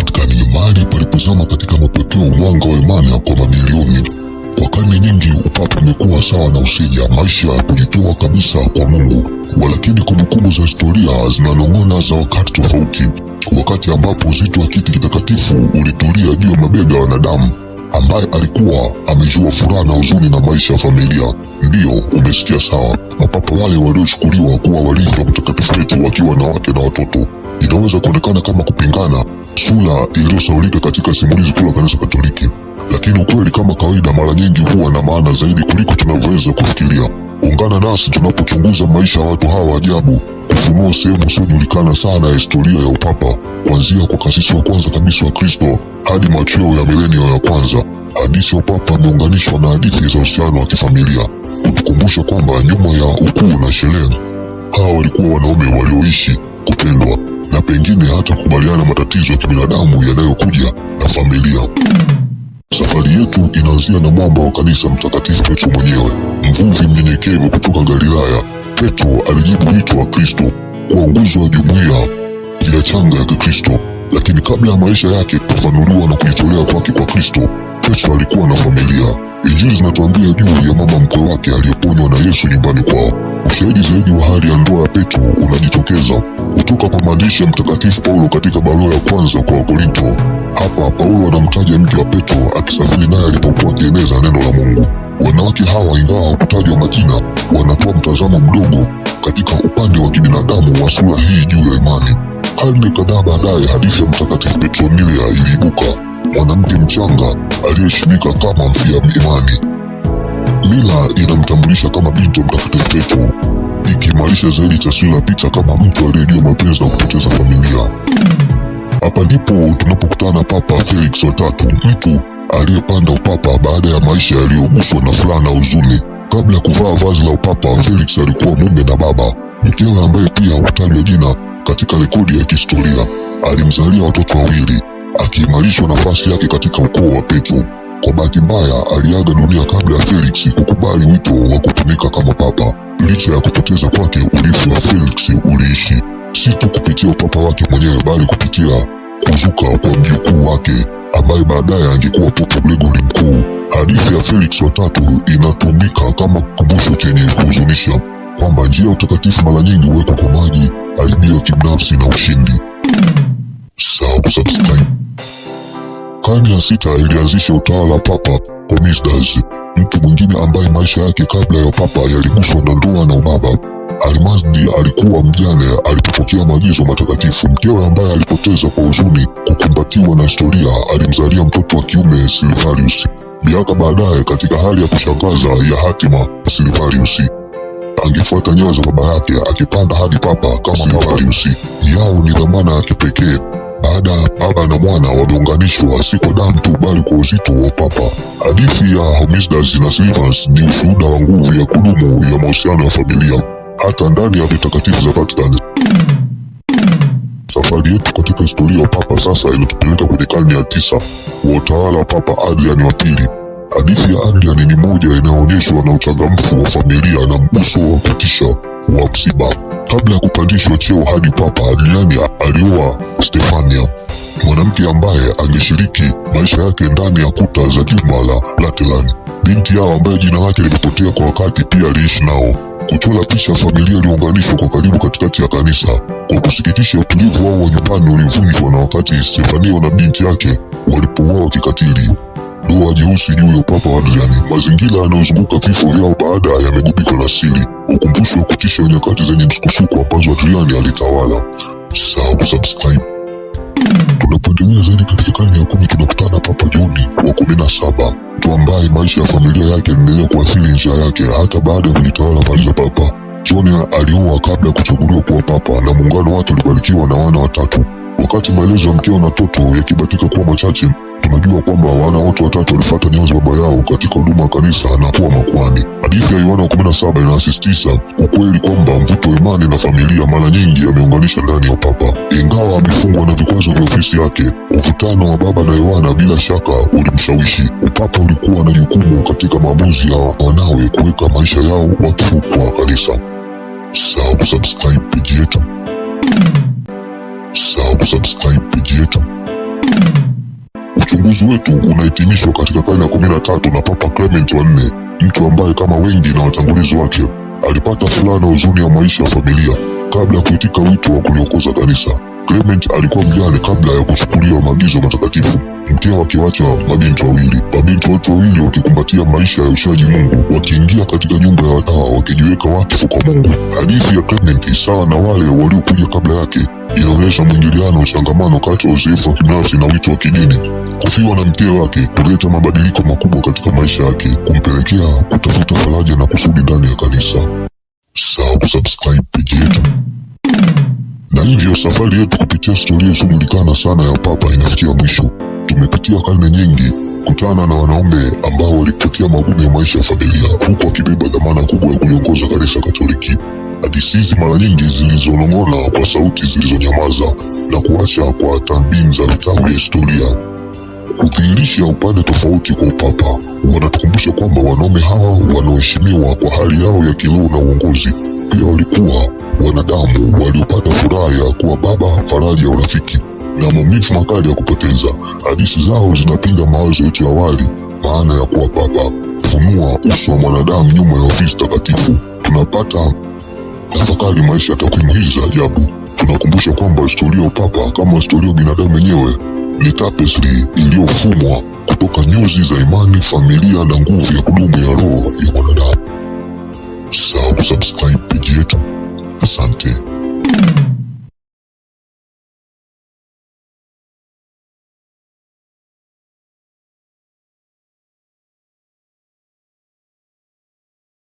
Vatican mahali palipozama katika mapokeo mwanga wa imani kwa mamilioni. Kwa karne nyingi upapa umekuwa sawa na usija, maisha ya kujitoa kabisa kwa Mungu. Walakini kumbukumbu za historia zinanong'ona za wakati tofauti, wakati ambapo uzito wa kiti kitakatifu ulitulia juu ya mabega ya wanadamu ambaye alikuwa amejua furaha na huzuni na maisha ya familia. Ndiyo, umesikia sawa. Mapapa wale waliochukuliwa kuwa walinzi wa Mtakatifu Petro wakiwa na wake na watoto inaweza kuonekana kama kupingana sura iliyosaulika katika simulizi kuu la kanisa Katoliki, lakini ukweli kama kawaida, mara nyingi huwa na maana zaidi kuliko tunavyoweza kufikiria. Ungana nasi tunapochunguza maisha ya watu hawa ajabu, kufunua sehemu isiyojulikana sana ya historia ya upapa, kuanzia kwa kasisi wa kwanza kabisa wa Kristo hadi machweo ya milenio ya kwanza. Hadithi ya upapa imeunganishwa na hadithi za uhusiano wa kifamilia kutukumbusha kwamba nyuma ya ukuu na sherehe, hawa walikuwa wanaume walioishi kupendwa na pengine hata kukubaliana na matatizo ya kibinadamu yanayokuja na familia. Safari yetu inaanzia na mwamba wa kanisa Mtakatifu Petro mwenyewe. Mvuvi mnyenyekevu kutoka Galilaya, Petro alijibu wito wa Kristo kwa nguzo ya jumuiya ya changa ya Kikristo. Lakini kabla ya maisha yake kufanuliwa na kujitolea kwake kwa Kristo, Petro alikuwa na familia. Injili zinatuambia juu ya mama mkwe wake aliyeponywa na Yesu nyumbani kwao. Ushahidi zaidi wa hali ya ndoa ya Petro unajitokeza kutoka kwa maandishi ya Mtakatifu Paulo katika barua ya kwanza kwa Wakorinto. Hapa Paulo anamtaja mke wa Petro akisafiri naye alipokuwa akieneza neno la Mungu. Wanawake hawa ingawa hawakutajwa majina, wanatoa mtazamo mdogo katika upande wa kibinadamu wa sura hii juu ya imani. Karne kadhaa baadaye, hadithi ya Mtakatifu Petronila iliibuka mwanamke mchanga aliyeshimika kama Mfia Imani. Mila inamtambulisha kama Binto Mtakatifu, ikiimarisha zaidi taswira ya picha kama mtu aliyejua mapenzi na kupoteza familia. Hapa ndipo tunapokutana Papa Felix watatu, mtu aliyepanda upapa baada ya maisha yaliyoguswa na furaha na huzuni. Kabla ya kuvaa vazi la upapa, Felix alikuwa mume na baba. Mkewe ambaye pia hutajwa jina katika rekodi ya kihistoria alimzalia watoto wawili akiimarishwa nafasi yake katika ukoo wa Petro. Kwa bahati mbaya, aliaga dunia kabla ya Felix kukubali wito wa kutumika kama papa. Licha ya kupoteza kwake, urithi wa Felix uliishi, si tu kupitia upapa wake mwenyewe, bali kupitia kuzuka kwa mjukuu wake ambaye baadaye angekuwa Papa Gregory Mkuu. Hadithi ya Felix wa tatu inatumika kama kumbusho chenye kuhuzunisha kwamba njia ya utakatifu mara nyingi huwekwa kwa maji, aibio ya kibinafsi na ushindi. Usisahau kusubscribe. Karne ya sita ilianzisha utawala wa Papa Hormisdas, mtu mwingine ambaye maisha yake kabla ya papa yaliguswa na ndoa na ubaba. Almazdi alikuwa mjane alipopokea maagizo matakatifu. Mkewe ambaye alipoteza kwa huzuni kukumbatiwa na historia, alimzalia mtoto wa kiume Silvarius. Miaka baadaye, katika hali ya kushangaza ya hatima, Silvarius angefuata nyayo za baba yake akipanda hadi papa kama Silvarius. Yao ni dhamana ya kipekee Ada ya baba na mwana waliunganishwa si kwa damu tu, bali kwa uzito wa upapa. Hadithi ya Hormidas na Silvanus ni ushuhuda wa nguvu ya kudumu ya mahusiano ya familia hata ndani ya vitakatifu za Vatican. Safari yetu katika historia ya papa sasa inatupeleka kwenye karne ya tisa wa utawala wa Papa Adrian wa pili. Hadithi ya Adrian ni moja inayoonyeshwa na uchangamfu wa familia na mguso wa kutisha wa msiba. Kabla ya kupandishwa cheo hadi papa, Adriani alioa Stefania, mwanamke ambaye angeshiriki maisha yake ndani ya kuta za jumba la Laterani. Binti yao ambaye jina lake limepotea kwa wakati pia aliishi nao. Kuchora picha ya familia iliyounganishwa kwa karibu katikati ya kanisa. Kwa kusikitisha, utulivu wao wa nyumbani ulivunjwa na wakati Stefania na binti yake walipouawa kikatili doa jeusi juu ya Papa Adrian. Mazingira yanayozunguka vifo vyao baada yamegubikwa na siri, ukumbusho wa kutisha nyakati zenye msukosuko ambazo Adrian alitawala. Usisahau kusubscribe. Tunapoendelea zaidi katika karne ya kumi, tunakutana Papa Joni wa kumi na saba, mtu ambaye maisha ya familia yake yanaendelea kuathiri njia yake hata baada ya kujitawala mali za Papa. Joni alioa kabla ya kuchaguliwa kuwa papa, na muungano wake ulibarikiwa na wana watatu. Wakati maelezo ya mkeo na toto yakibatika kuwa machache, tunajua kwamba wana wote watatu walifuata nyayo za baba yao katika huduma ya kanisa na kuwa makuhani. Hadithi ya Yohana wa kumi na inasisitiza ukweli kwamba mvuto wa imani na familia mara nyingi ameunganisha ndani ya upapa. Ingawa amefungwa na vikwazo vya ofisi yake, uvutano wa baba na Yohana bila shaka ulimshawishi. Upapa ulikuwa na jukumu katika maamuzi ya wanawe kuweka maisha yao wakfu kwa kanisa. Usisahau kusubscribe peji yetu. Usisahau kusubscribe yetu. Uchunguzi wetu unahitimishwa katika karne ya kumi na tatu na Papa Clement wa nne, mtu ambaye kama wengi na watangulizi wake alipata furaha na huzuni ya maisha ya familia kabla ya kuitika wito wa kuliokoza kanisa. Clement alikuwa mjane kabla ya kuchukuliwa maagizo matakatifu. Mkia wakiwacha mabinti wawili, mabinti wote wawili wakikumbatia maisha ya ushaji Mungu, wakiingia katika nyumba ya watawa, wakijiweka wakifu kwa Mungu. Hadithi ya Clement sawa na wale waliokuja kabla yake inaonyesha mwingiliano changamano kati ya uzoefu wa kibinafsi na wito wa kidini. Kufiwa na mke wake kuleta mabadiliko makubwa katika maisha yake, kumpelekea kutafuta faraja na kusudi ndani ya kanisa. Usisahau kusubscribe peji yetu. Na hivyo safari yetu kupitia historia isiyojulikana sana ya papa inafikia mwisho. Tumepitia karne nyingi kutana na wanaume ambao walipitia magumu ya maisha ya familia, huku wakibeba dhamana kubwa ya kuliongoza kanisa Katoliki. Hadithi hizi mara nyingi zilizonong'ona kwa sauti zilizonyamaza na kuacha kwa tabimu za vitabu ya historia kudhihirisha upande tofauti kwa upapa. Wanatukumbusha kwamba wanaume hawa wanaoheshimiwa kwa hali yao ya kiroho na uongozi, pia walikuwa wanadamu waliopata furaha ya kuwa baba, faraja ya urafiki na maumivu makali ya kupoteza. Hadithi zao zinapinga mawazo yetu ya awali, maana ya kuwa baba, funua uso wa mwanadamu nyuma ya ofisi takatifu. Tunapata tafakari maisha ya takwimu hizi za ajabu. Tunakumbusha kwamba historia ya upapa, kama historia ya binadamu wenyewe, ni tapestry iliyofumwa kutoka nyuzi za imani, familia na nguvu ya kudumu ya roho ya mwanadamu. Usisahau kusubscribe peji yetu. Asante.